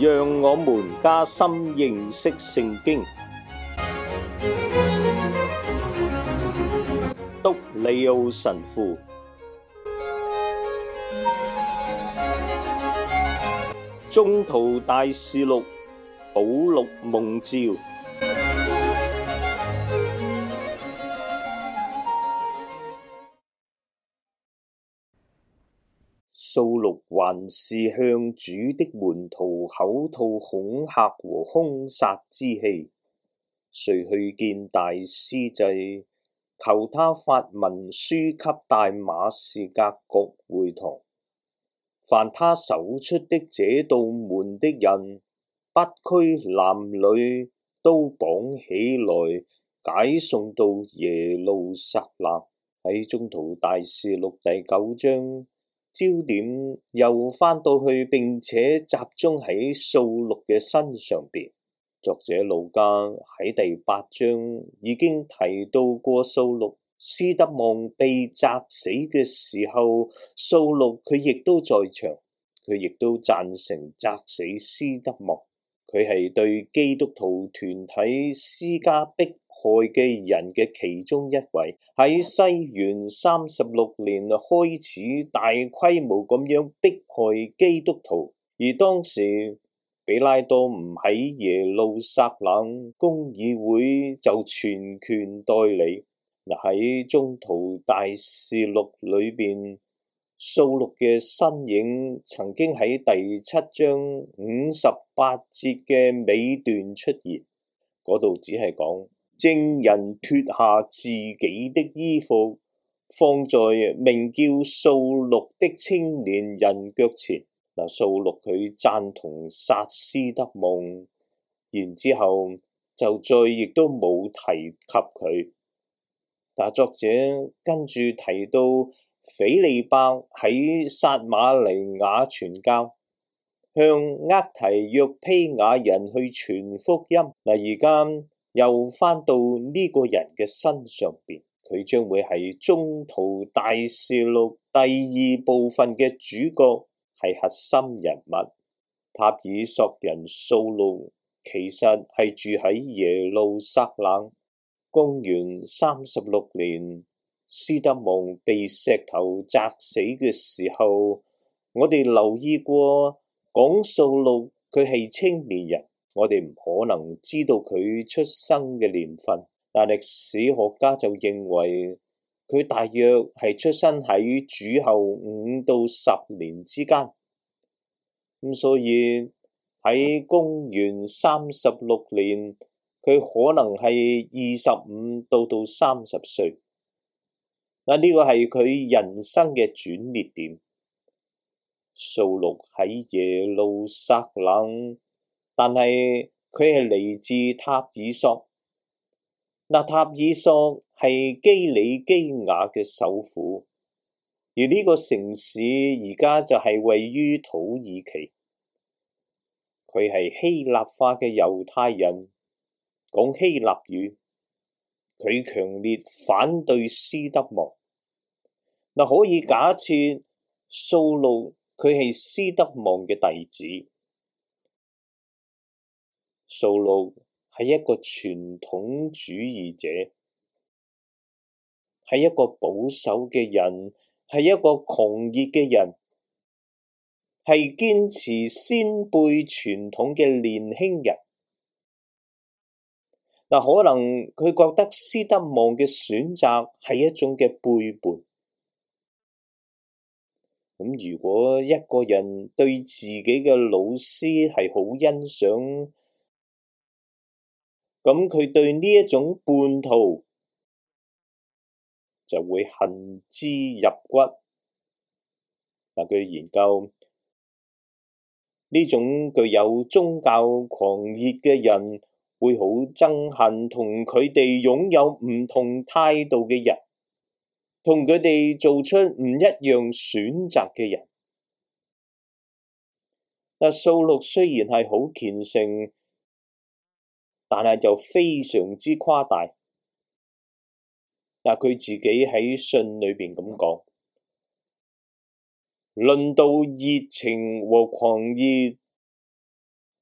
讓我們加深認識聖經。篤利奧神父、宗徒大事錄、保祿蒙召。掃羅還是向主的門徒口吐恐嚇和兇殺之氣，誰去見大祭司，求他發文書給大馬士革各會堂，凡他守出的這道門的人，不拘男女，都綁起來解送到耶路撒冷。係宗徒大事錄第九章。焦點又翻到去，並且集中喺掃祿嘅身上邊。作者路加喺第八章已經提到過掃祿。斯德望被砸死嘅時候，掃祿佢亦都在場，佢亦都贊成砸死斯德望。佢係對基督徒團體施加迫害嘅人嘅其中一位，喺西元三十六年開始大規模咁樣迫害基督徒，而當時比拉多唔喺耶路撒冷，公議會就全權代理，喺宗徒大事錄裏邊。素六嘅身影曾經喺第七章五十八節嘅尾段出現，嗰度只係講證人脫下自己的衣服，放在名叫掃祿的青年人腳前。嗱，掃祿佢贊同殺斯德望，然之後就再亦都冇提及佢。但作者跟住提到。腓利伯喺撒瑪利亞傳教，向厄提約披雅人去傳福音。嗱，而家又翻到呢個人嘅身上邊，佢將會係宗徒大事錄第二部分嘅主角，係核心人物。塔爾索人掃祿其實係住喺耶路撒冷，公元三十六年。斯德望被石頭砸死嘅時候，我哋留意過講，掃祿，佢係青年人。我哋唔可能知道佢出生嘅年份，但歷史學家就認為佢大約係出生喺主後五到十年之間。咁所以喺公元三十六年，佢可能係二十五到到三十歲。嗱，呢個係佢人生嘅轉捩點。掃祿喺耶路撒冷，但係佢係嚟自塔爾索。嗱，塔爾索係基里基雅嘅首府，而呢個城市而家就係位於土耳其。佢係希臘化嘅猶太人，講希臘語。佢強烈反對斯德望。嗱，可以假設掃祿佢係斯德望嘅弟子，掃祿係一個傳統主義者，係一個保守嘅人，係一個狂熱嘅人，係堅持先輩傳統嘅年輕人。嗱，可能佢覺得斯德望嘅選擇係一種嘅背叛。咁如果一個人對自己嘅老師係好欣賞，咁佢對呢一種叛徒就會恨之入骨。嗱，據研究呢種具有宗教狂熱嘅人，會好憎恨同佢哋擁有唔同態度嘅人，同佢哋做出唔一樣選擇嘅人。嗱，掃祿雖然係好虔誠，但係就非常之誇大。嗱，佢自己喺信裏邊咁講，論到熱情和狂熱，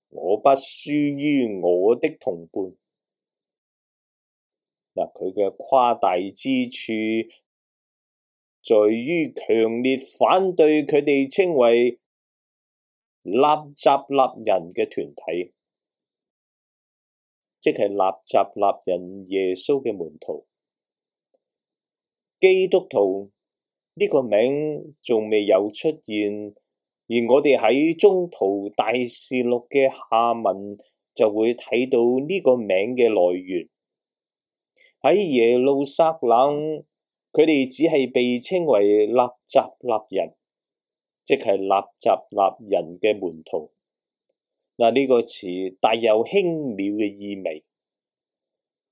我不輸於我的同伴。嗱，佢嘅誇大之處，在於強烈反對佢哋稱為納匝肋人嘅團體，即係納匝肋人耶穌嘅門徒，基督徒呢個名仲未有出現，而我哋喺宗徒大事錄嘅下文就會睇到呢個名嘅來源喺耶路撒冷。佢哋只係被稱為納匝肋人，即係納匝肋人嘅門徒。嗱，呢個詞帶有輕蔑嘅意味。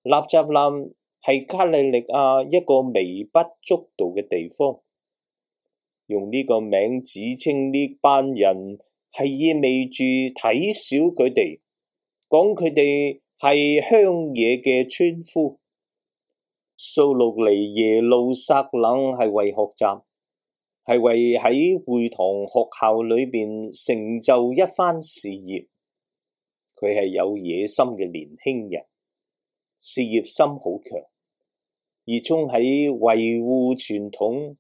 納匝肋係加里肋亞一個微不足道嘅地方，用呢個名指稱呢班人，係意味住睇小佢哋，講佢哋係鄉野嘅村夫。掃祿嚟耶路撒冷係為學習，係為喺會堂學校裏邊成就一番事業。佢係有野心嘅年輕人，事業心好強，熱衷喺維護傳統。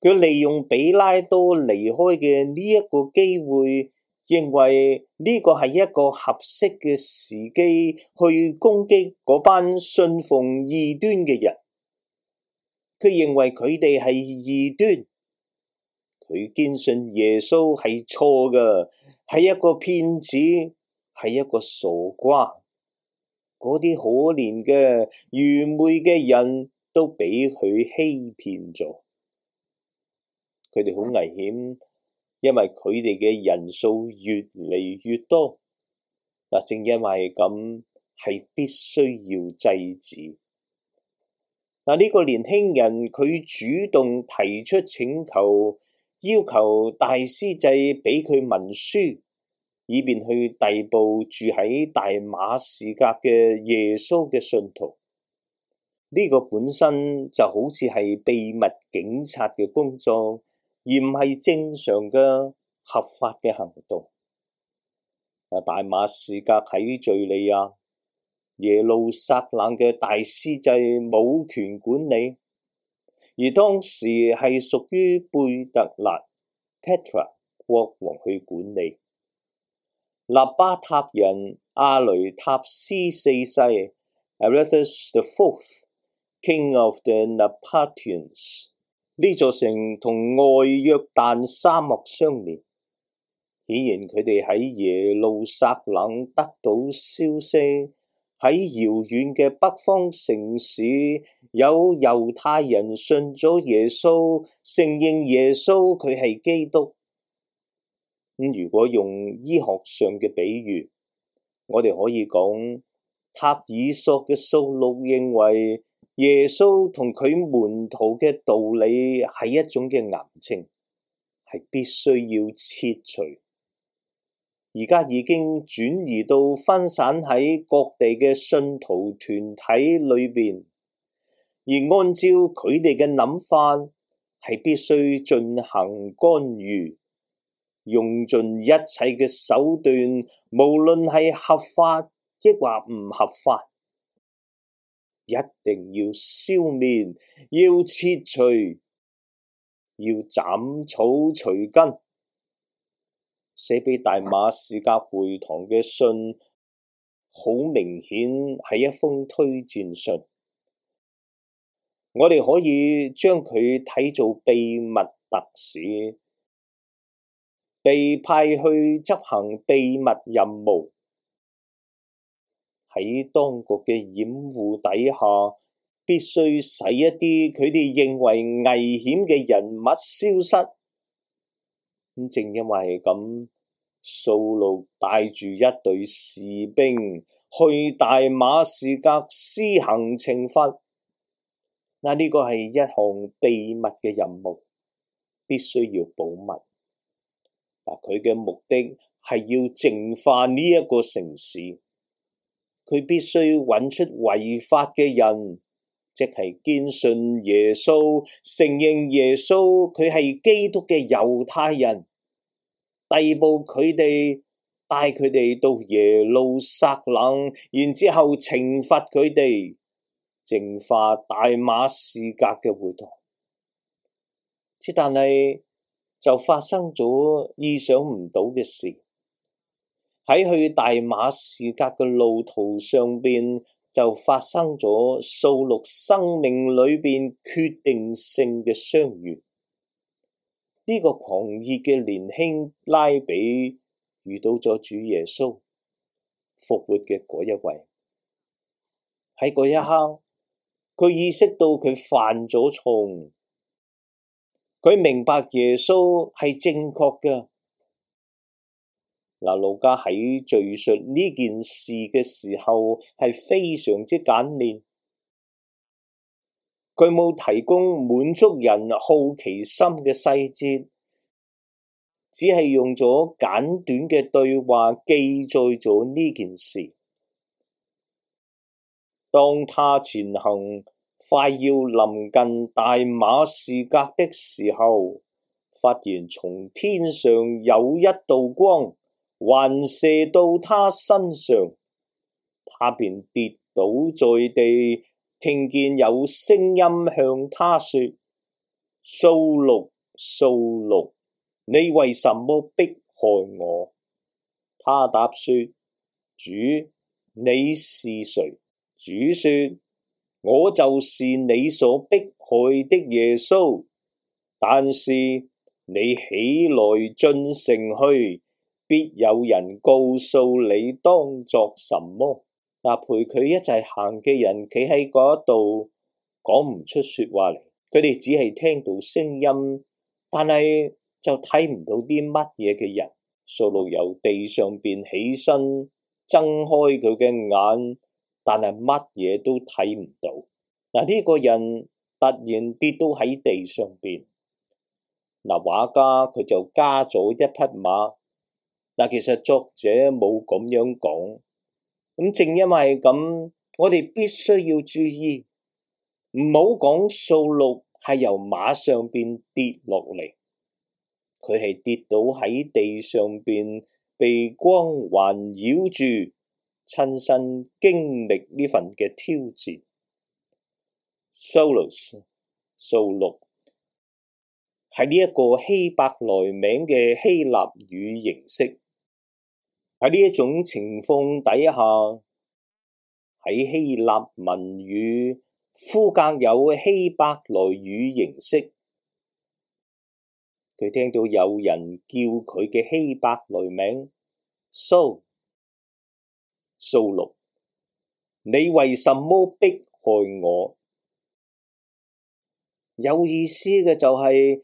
佢利用比拉多離開嘅呢一個機會。認為呢個係一個合適嘅時機去攻擊嗰班信奉異端嘅人。佢認為佢哋係異端，佢堅信耶穌係錯嘅，係一個騙子，係一個傻瓜。嗰啲可憐嘅愚昧嘅人都俾佢欺騙咗，佢哋好危險。因為佢哋嘅人數越嚟越多，嗱，正因為咁係必須要制止。嗱，呢個年輕人佢主動提出請求，要求大司祭俾佢文書，以便去逮捕住喺大馬士革嘅耶穌嘅信徒。呢個本身就好似係秘密警察嘅工作。而唔係正常嘅合法嘅行動。啊，大馬士革喺敘利亞，耶路撒冷嘅大司祭冇權管理，而當時係屬於貝特勒 Petra 國王去管理。納巴塔人阿雷塔斯四世，世 Aretas the Fourth，King of the Nabatians。呢座城同外約旦沙漠相連，顯然佢哋喺耶路撒冷得到消息，喺遙遠嘅北方城市有猶太人信咗耶穌，承認耶穌佢係基督。嗯，如果用醫學上嘅比喻，我哋可以講塔爾索嘅掃祿認為。耶穌同佢門徒嘅道理係一種嘅癌症，係必須要切除，而家已經轉移到分散喺各地嘅信徒團體裏邊，而按照佢哋嘅諗法，係必須進行干預，用盡一切嘅手段，無論係合法亦或唔合法。一定要消滅，要切除，要斬草除根。寫俾大馬士革會堂嘅信，好明顯係一封推薦信。我哋可以將佢睇做秘密特使，被派去執行秘密任務。喺當局嘅掩護底下，必須使一啲佢哋認為危險嘅人物消失。咁正因為咁，掃祿帶住一隊士兵去大馬士革施行懲罰。嗱，呢個係一項秘密嘅任務，必須要保密。嗱，佢嘅目的係要淨化呢一個城市。佢必須揾出違法嘅人，即係堅信耶穌、承認耶穌，佢係基督嘅猶太人。逮捕佢哋，帶佢哋到耶路撒冷，然之後懲罰佢哋，淨化大馬士革嘅會堂。只但係就發生咗意想唔到嘅事。喺去大馬士革嘅路途上邊，就發生咗掃祿生命裏邊決定性嘅相遇。呢、這個狂熱嘅年輕拉比遇到咗主耶穌復活嘅嗰一位。喺嗰一刻，佢意識到佢犯咗錯誤，佢明白耶穌係正確嘅。嗱，路加喺敘述呢件事嘅時候，係非常之簡練，佢冇提供滿足人好奇心嘅細節，只係用咗簡短嘅對話記載咗呢件事。當他前行快要臨近大馬士革的時候，發現從天上有一道光。還射到他身上，他便跌倒在地，聽見有聲音向他說：掃祿，掃祿，ou, ou, 你為什麼迫害我？他答說：主，你是誰？主說：我就是你所迫害的耶穌。但是你起來進城去。必有人告訴你，當作什麼？嗱，陪佢一齊行嘅人，企喺嗰度講唔出説話嚟。佢哋只係聽到聲音，但係就睇唔到啲乜嘢嘅人。掃祿由地上邊起身，睜開佢嘅眼，但係乜嘢都睇唔到。嗱，呢個人突然跌倒喺地上邊。嗱，畫家佢就加咗一匹馬。但其實作者冇咁樣講，咁正因為咁，我哋必須要注意，唔好講掃祿係由馬上邊跌落嚟，佢係跌到喺地上邊，被光環繞住，親身經歷呢份嘅挑戰。Solus 掃祿係呢一個希伯來名嘅希臘語形式。喺呢一種情況底下，喺希臘文語呼格有希伯來語形式，佢聽到有人叫佢嘅希伯來名，蘇蘇六。你為什麼迫害我？有意思嘅就係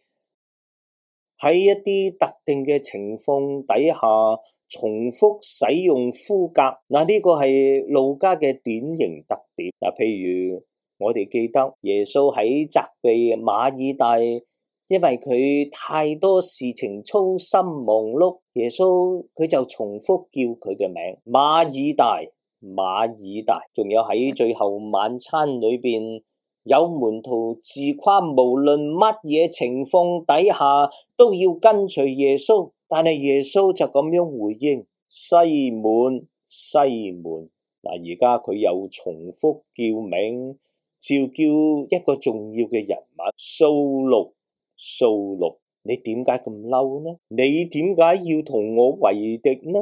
喺一啲特定嘅情況底下，重複使用呼格，嗱、啊、呢、這個係路加嘅典型特點。嗱、啊，譬如我哋記得耶穌喺責備馬爾大，因為佢太多事情操心忙碌，耶穌佢就重複叫佢嘅名：馬爾大，馬爾大。仲有喺最後晚餐裏邊，有門徒自誇，無論乜嘢情況底下都要跟隨耶穌。但係耶穌就咁樣回應：西滿，西滿！嗱，而家佢又重複叫名，照叫一個重要嘅人物掃祿。掃祿，你點解咁嬲呢？你點解要同我為敵呢？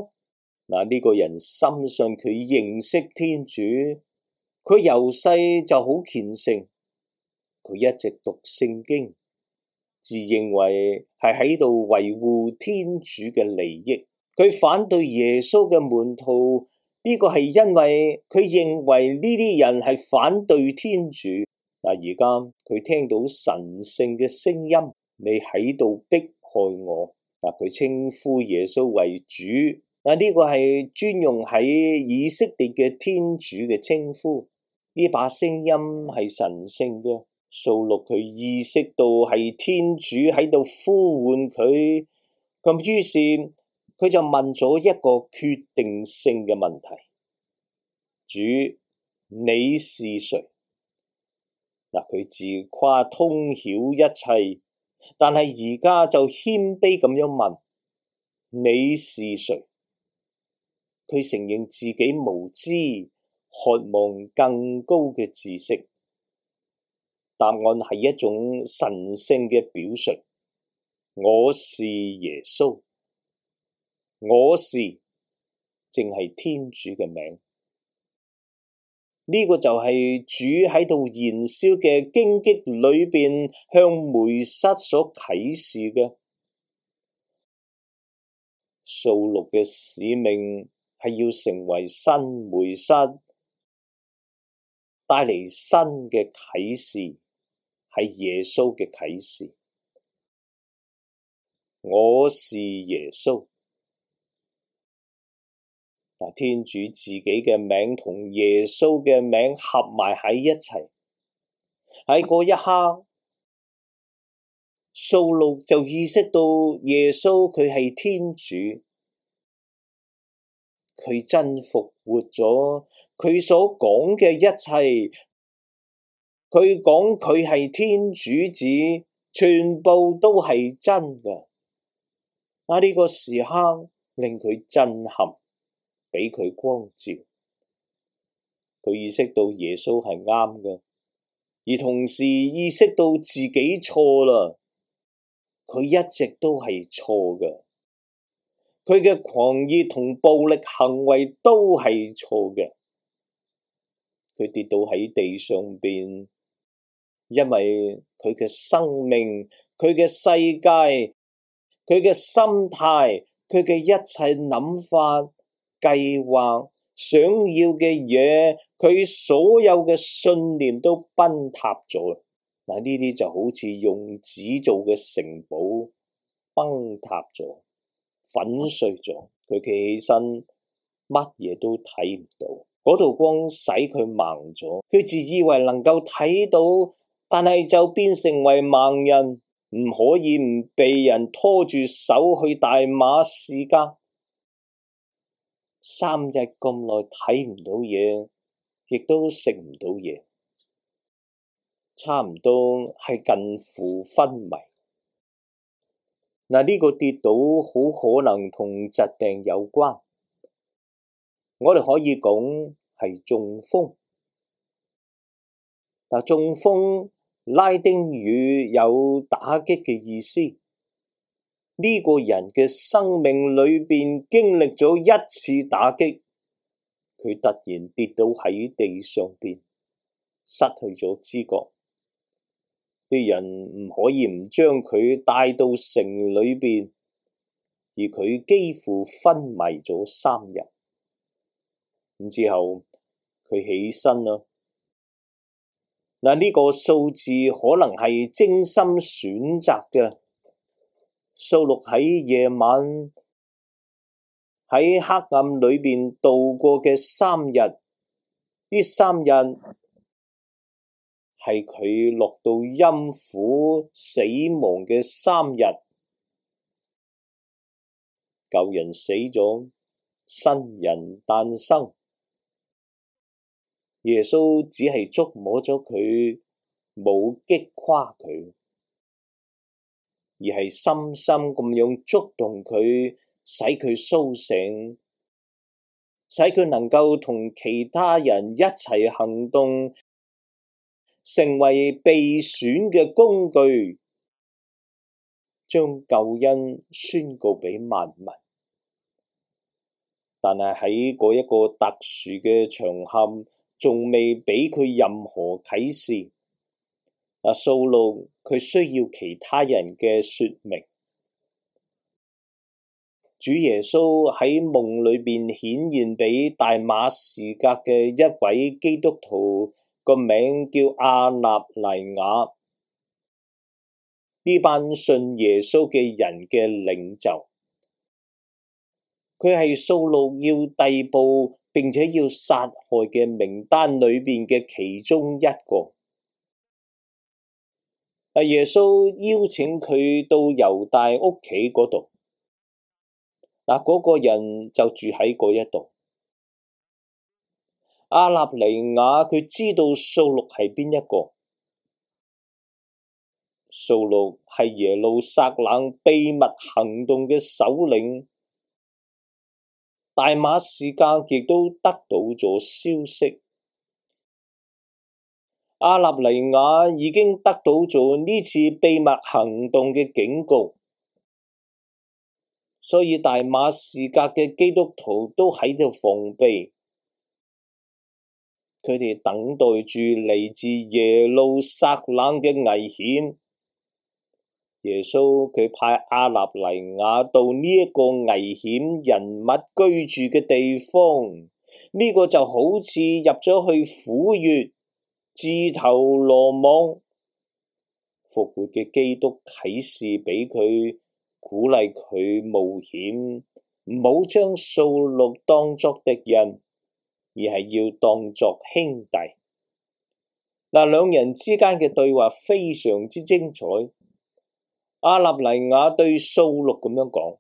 嗱，呢個人深信佢認識天主，佢由細就好虔誠，佢一直讀聖經。自認為係喺度維護天主嘅利益，佢反對耶穌嘅門徒，呢個係因為佢認為呢啲人係反對天主。嗱，而家佢聽到神聖嘅聲音，你喺度迫害我。嗱，佢稱呼耶穌為主，嗱，呢個係專用喺以色列嘅天主嘅稱呼，呢把聲音係神聖嘅。掃祿，佢意識到係天主喺度呼喚佢，咁於是佢就問咗一個決定性嘅問題：主，你是誰？嗱、啊，佢自誇通曉一切，但係而家就謙卑咁樣問：你是誰？佢承認自己無知，渴望更高嘅知識。答案係一種神聖嘅表述。我是耶穌，我是正係天主嘅名。呢、這個就係主喺度燃燒嘅荊棘裏邊向梅瑟所啟示嘅。數六嘅使命係要成為新梅瑟，帶嚟新嘅啟示。係耶穌嘅啟示，我是耶穌，天主自己嘅名同耶穌嘅名合埋喺一齊。喺嗰一刻，掃祿就意識到耶穌佢係天主，佢真復活咗，佢所講嘅一切。佢講佢係天主子，全部都係真嘅。啊，呢個時刻令佢震撼，俾佢光照，佢意識到耶穌係啱嘅，而同時意識到自己錯啦。佢一直都係錯嘅，佢嘅狂熱同暴力行為都係錯嘅。佢跌到喺地上邊。因為佢嘅生命、佢嘅世界、佢嘅心態、佢嘅一切諗法、計劃、想要嘅嘢，佢所有嘅信念都崩塌咗。嗱，呢啲就好似用紙做嘅城堡崩塌咗、粉碎咗。佢企起身，乜嘢都睇唔到。嗰道光使佢盲咗，佢自以為能夠睇到。但係就變成為盲人，唔可以唔被人拖住手去大馬士革，三日咁耐睇唔到嘢，亦都食唔到嘢，差唔多係近乎昏迷。嗱，呢個跌倒好可能同疾病有關，我哋可以講係中風。嗱，中風。拉丁語有打擊嘅意思，呢、呢個人嘅生命裏邊經歷咗一次打擊，佢突然跌倒喺地上邊，失去咗知覺。啲人唔可以唔將佢帶到城裏邊，而佢幾乎昏迷咗三日。咁之後佢起身啦。嗱，呢個數字可能係精心選擇嘅，數六喺夜晚喺黑暗裏邊度過嘅三日，呢三日係佢落到陰府死亡嘅三日，舊人死咗，新人誕生。耶穌只係觸摸咗佢，冇擊垮佢，而係深深咁樣觸動佢，使佢甦醒，使佢能夠同其他人一齊行動，成為被選嘅工具，將救恩宣告俾萬民。但係喺嗰一個特殊嘅場合。仲未俾佢任何啟示，啊！掃路佢需要其他人嘅說明。主耶穌喺夢裏面顯現俾大馬士革嘅一位基督徒，個名叫阿納尼雅，呢班信耶穌嘅人嘅領袖。佢係掃祿要逮捕並且要殺害嘅名單裏邊嘅其中一個。阿耶穌邀請佢到猶大屋企嗰度，嗱、那、嗰個人就住喺嗰一度。阿納尼雅佢知道掃祿係邊一個，掃祿係耶路撒冷秘密行動嘅首領。大馬士革亦都得到咗消息，阿納尼亞已經得到咗呢次秘密行動嘅警告，所以大馬士革嘅基督徒都喺度防備，佢哋等待住嚟自耶路撒冷嘅危險。耶穌佢派阿納尼雅到呢一個危險人物居住嘅地方，呢個就好似入咗去虎穴，自投羅網。復活嘅基督啟示俾佢，鼓勵佢冒險，唔好將掃羅當作敵人，而係要當作兄弟。嗱，兩人之間嘅對話非常之精彩。阿納尼亞對掃祿咁樣講：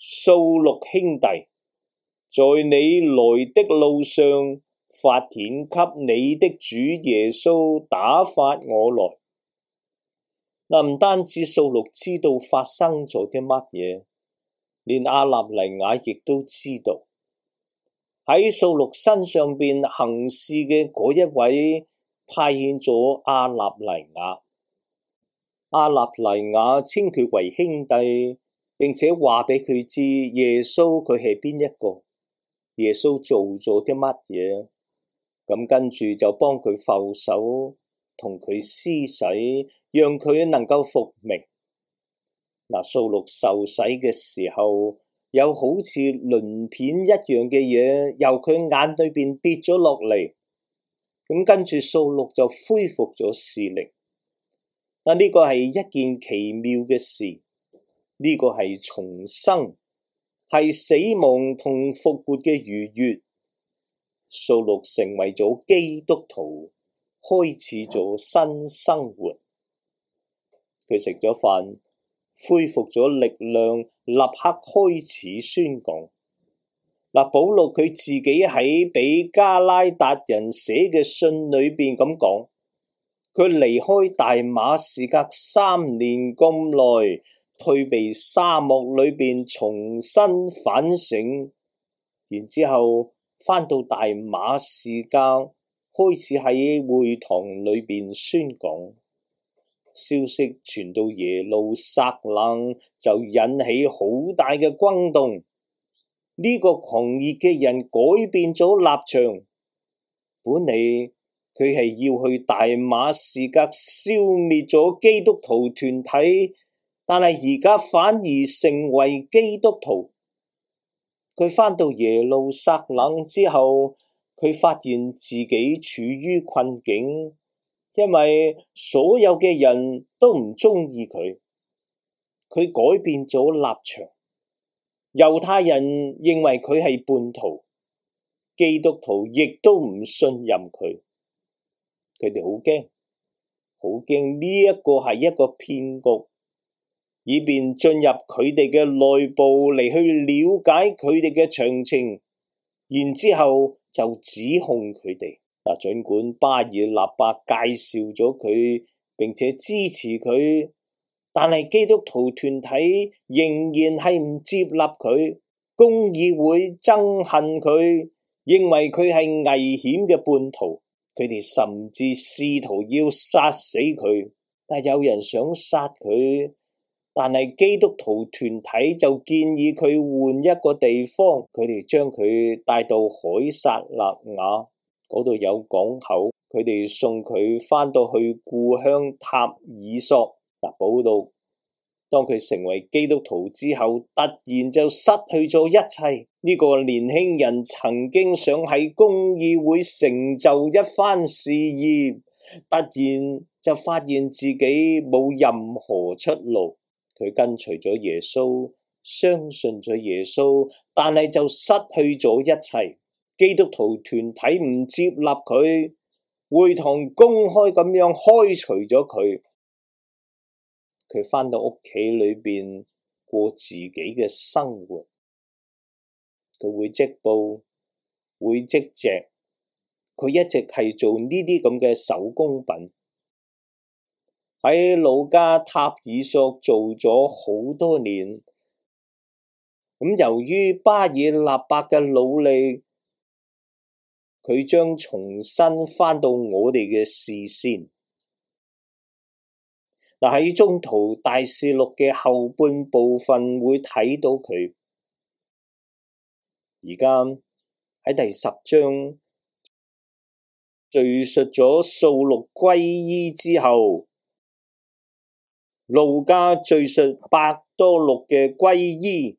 掃祿兄弟，在你來的路上，發遣給你的主耶穌打發我來。但唔單止掃祿知道發生咗啲乜嘢，連阿納尼亞亦都知道喺掃祿身上邊行事嘅嗰一位派遣咗阿納尼亞。阿納尼亞稱佢為兄弟，並且話俾佢知耶穌佢係邊一個，耶穌做咗啲乜嘢？咁跟住就幫佢覆手同佢施洗，讓佢能夠復明。嗱，掃祿受洗嘅時候，有好似鱗片一樣嘅嘢由佢眼裏邊跌咗落嚟，咁跟住掃祿就恢復咗視力。嗱，呢個係一件奇妙嘅事，呢、這個係重生，係死亡同復活嘅逾越。掃祿成為咗基督徒，開始咗新生活。佢食咗飯，恢復咗力量，立刻開始宣講。嗱，保祿佢自己喺俾加拉達人寫嘅信裏邊咁講。佢離開大馬士革三年咁耐，退避沙漠裏邊重新反省，然之後返到大馬士革開始喺會堂裏邊宣講，消息傳到耶路撒冷就引起好大嘅轟動。呢個狂熱嘅人改變咗立場，本嚟。佢係要去大馬士革消滅咗基督徒團體，但係而家反而成為基督徒。佢返到耶路撒冷之後，佢發現自己處於困境，因為所有嘅人都唔中意佢。佢改變咗立場，猶太人認為佢係叛徒，基督徒亦都唔信任佢。佢哋好驚，好驚呢一個係一個騙局，以便進入佢哋嘅內部嚟去了解佢哋嘅詳情，然之後就指控佢哋。嗱，盡管巴爾納伯介紹咗佢，並且支持佢，但係基督徒團體仍然係唔接納佢，公議會憎恨佢，認為佢係危險嘅叛徒。佢哋甚至試圖要殺死佢，但有人想殺佢，但係基督徒團體就建議佢換一個地方，佢哋將佢帶到凱撒勒雅，嗰度有港口，佢哋送佢返到去故鄉塔爾索。嗱，保度。當佢成為基督徒之後，突然就失去咗一切。呢個年輕人曾經想喺公議會成就一番事業，突然就發現自己冇任何出路。佢跟隨咗耶穌，相信咗耶穌，但係就失去咗一切。基督徒團體唔接納佢，會堂公開咁樣開除咗佢。佢返到屋企裏邊過自己嘅生活。佢會織布，會織席，佢一直係做呢啲咁嘅手工品。喺老家塔爾索做咗好多年。咁由於巴爾納伯嘅努力，佢將重新返到我哋嘅視線。但喺宗徒大事錄嘅後半部分會睇到佢。而家喺第十章敘述咗掃祿歸依之後，路加敘述伯多祿嘅歸依。